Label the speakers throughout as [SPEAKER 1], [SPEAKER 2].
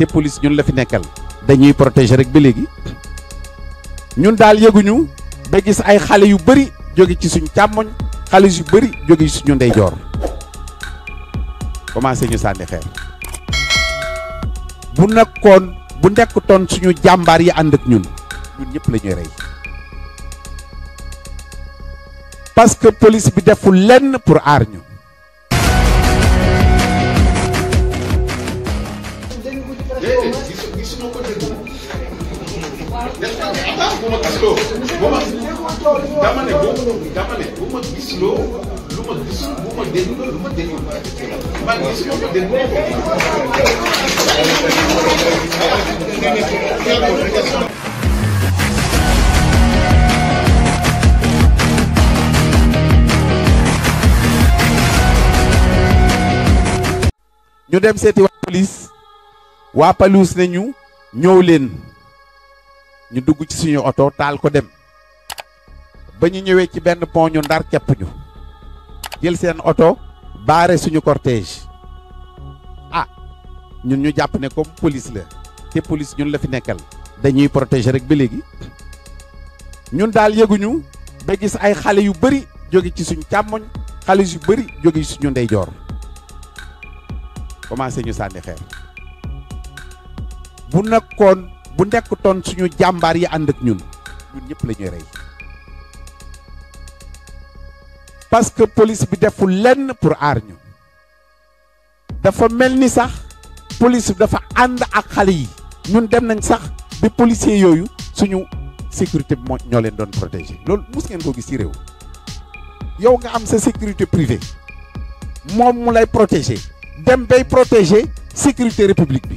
[SPEAKER 1] té police ñun la fi nekkal dañuy protéger rek ba légui ñun daal yëguñu ba gis ay xalé yu bari jóge ci suñu chamoñ xalé yu bari jóge ci suñu jor commencé ñu sandi xéer bu nekkon bu ton suñu jambar yi and ak ñun ñun ñepp lañuy ray parce que police bi deful lenn pour aar Nyo dem seti wap polis, wap alous nenyou, nyou len. ñu dugg ci suñu oto taal ko dem ba ñu ñëwee ci benn pont ñu ndar kepp jël seen oto baare suñu cortège a ah, ñun ñu jàpp ne comme police la te police ñun la fi nekkal dañuy protéger rek ba léegi ñun daal yëguñu ba gis ay xale yu bëri jóge ci suñu càmmooñ xale yu bëri jóge suñu ndeyjoor commencé ñu sànni xeer bu nekkutoon suñu jàmbaar yi ànd ak ñun ñun ñëpp la ñuy rey parce que police bi deful lenn pour aar ñu dafa mel ni sax police bi dafa ànd ak xale yi ñun dem nañ sax bi policier yooyu suñu sécurité bi moo ñoo leen doon protéger loolu mus ngeen ko gis ci réew yow nga am sa sécurité privée moom mu lay protéger dem bay protéger sécurité république bi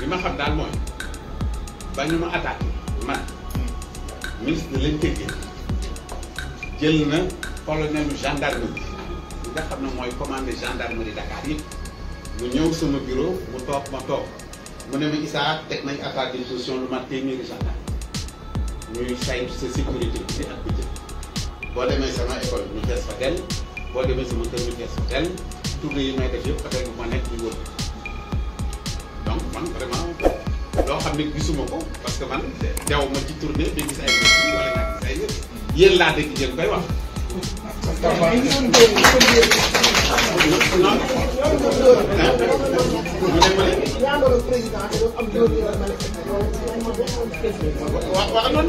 [SPEAKER 1] li ma xam daal mooy ba ñu ma attaqué man ministre de l'intérieur jël na colonel gendarmerie li nga xam ne mooy commandé gendarmerie Dakar yëpp mu ñëw sama bureau mu toog ma toog mu ne ma Issa teg nañ attaque d'une position lu ma téeméeri gendarme ñuy saytu sa sécurité bi ak bu jëm boo demee sama école ñu fees fa boo demee sama kër ñu fees fa dell yi may def yëpp affaire bi ma nekk ñu wër. man vraiment loo xam ne gisuma ko parce que man jaww ma ci tournée ba gis ay nit laa dégg ngeen koy wax. waaw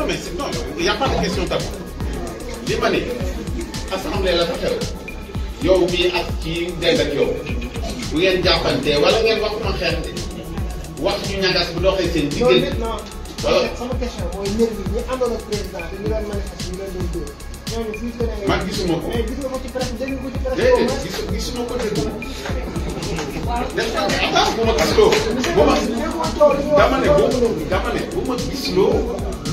[SPEAKER 1] mais non y' a pas question tabou li ma ne assemblée la fa xew yow mii ak kii dégg ak yow bu ngeen jàppante wala ngeen wax ma
[SPEAKER 2] wax ñu ñagas bu doxee seen diggante. voilà
[SPEAKER 1] sama question mooy nervi ñi àndoon ak président dañu doon manifester ñu leen doon ko mais gisuma ko ci presse dégg ko ci presse. gisuma ko ne bu dama ne bu ma